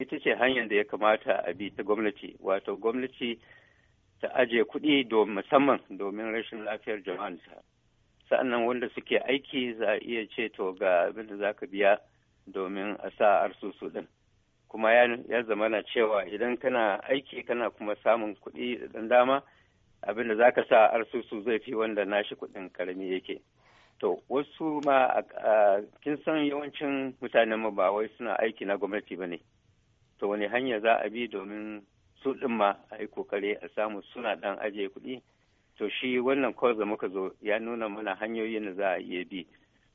ita ce hanyar da ya kamata a bi ta gwamnati wato gwamnati ta ajiye kuɗi domin musamman domin rashin lafiyar jama'a sa'annan wanda suke aiki za a iya ce to ga abin da za ka biya domin a sa arsusu din. kuma ya zama na cewa idan kana aiki kana kuma samun kuɗi da dama abin da za ka sa arsusu zai fi wanda nashi kuɗin karami yake to wasu ma kin san yawancin mutanen mu ba wai suna aiki na gwamnati ba ne to wani hanya za a bi domin su ɗin ma a yi kokare a samu suna ɗan ajiye kuɗi to shi wannan kawai da muka zo ya nuna mana hanyoyin da za a iya bi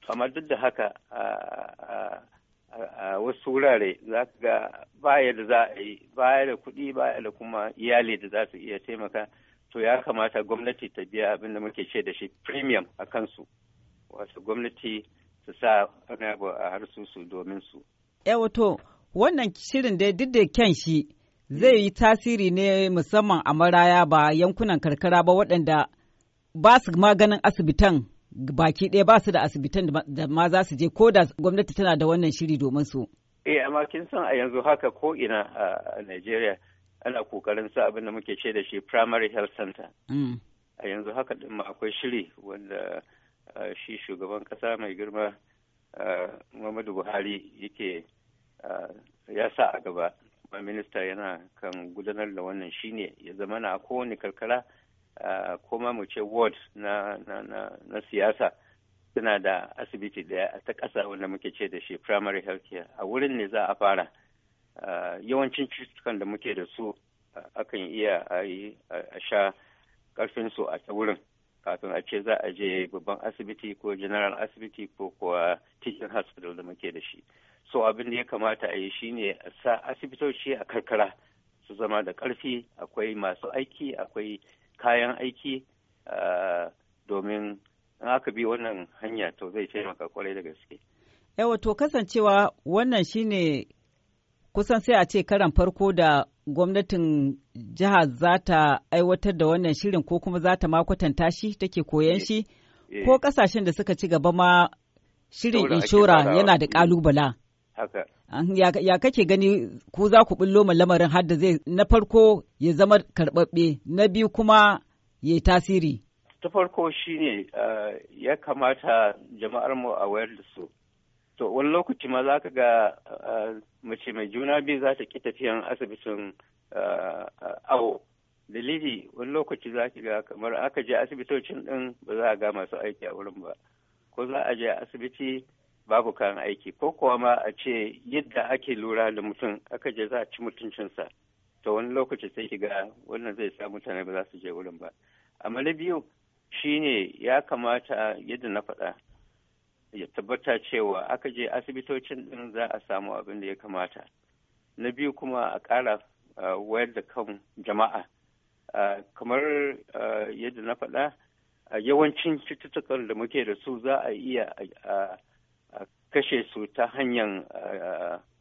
amma duk da haka a wasu wurare za ka ga baya da za a yi baya da kuɗi baya da kuma iyali da za su iya taimaka to ya kamata gwamnati ta biya abin da muke ce da shi premium a kansu wasu gwamnati su sa wani abu a harsu domin su. Yawato Wannan shirin da duk da kyan shi zai yi tasiri ne musamman a maraya ba yankunan karkara ba waɗanda ba su maganin asibitan baki ɗaya ba su da asibitan da ma za su je ko da gwamnati tana da wannan shiri domin su. Eh, amma kin san a yanzu haka ko ina a Najeriya ana kokarin sa abin da muke ce da shi primary health center. Mm. A yanzu haka din akwai shiri wanda shi shugaban kasa mai girma Muhammadu Buhari yake Eh, ya sa a gaba kuma minista yana kan gudanar da wannan shine ya zama na kowane karkara eh, kuma mu ce ward na, siyasa suna da asibiti daya ta ƙasa wanda muke ce da shi primary health care a wurin ne za a fara eh, yawancin cututtukan da muke da su akan iya a sha ƙarfinsu a ta wurin kafin a ce za a je babban asibiti ko general asibiti ko kuwa teaching hospital da muke da shi so abin da ya kamata a yi shine a sa asibitoci a karkara su zama da ƙarfi akwai masu aiki akwai kayan aiki domin in aka bi wannan hanya to zai taimaka kwarai da gaske yawa to kasancewa wannan shine kusan sai a ce karan farko da gwamnatin jiha za ta aiwatar da wannan shirin ko kuma za ta makwatanta shi take koyan eh, shi eh. ko kasashen da suka ci gaba ma shirin inshora yana da kalubala. Ya kake gani ku za ku bullo ma lamarin har zai na farko ya zama karɓaɓɓe na biyu kuma ya tasiri. Ta farko shine eh, ya kamata jama'ar mu a wayar da su to wani lokaci ma za ka ga eh, mace mai juna biyu za ta ki tafiyan asibitin eh, awo dalili wani lokaci za ki ga kamar aka je asibitocin din ba za a ga masu aiki a wurin ba ko za a je asibiti babu kayan aiki ko kuwa ma a ce yadda ake lura da mutum aka je za a ci mutuncinsa to wani lokaci sai ki ga wannan zai sa mutane ba za su je wurin ba amma na biyu ne ya kamata yadda na faɗa ya tabbata cewa aka je asibitocin din za a samu abin da ya kamata na biyu kuma a ƙara wayar da kan jama'a kamar yadda na faɗa a yawancin cututtukan da muke da su za a iya kashe su ta hanyar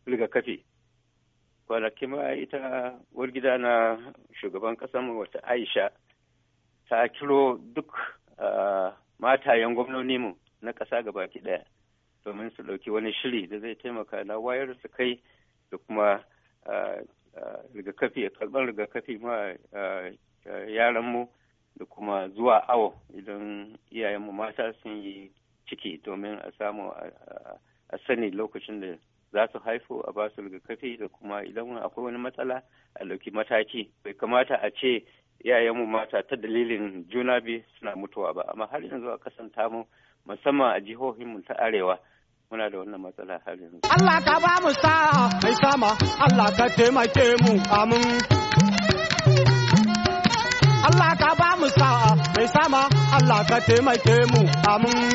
rigakafi kwanaki ma ita wargida na shugaban ƙasar wata aisha ta kiro duk matayen gwamnoninmu na ƙasa baki ɗaya domin su ɗauki wani shiri da zai taimaka na wayar su kai da kuma rigakafi karɓar rigakafi ma mu da kuma zuwa awo idan iyayenmu mata sun yi ciki domin a samu a sani lokacin da za su haifu a ba su rigakafi da kuma idan akwai wani matsala a ɗauki mataki bai kamata a ce iyayenmu mata ta dalilin juna biyu suna mutuwa ba amma har yanzu a kasan tamu musamman a jihohinmu ta arewa muna da wannan matsala har yanzu. Allah ka ba mu sa'a mai sama Allah ka taimake mu amin. Allah ka ba mu sa'a mai sama Allah ka taimake mu amin.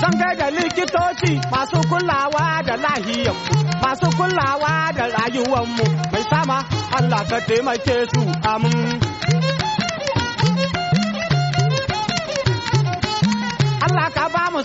Zan kai da likitoci masu kulawa da lahiyar, masu kulawa da mu mai sama Allah ka taimake su amin. Allah ka ba mu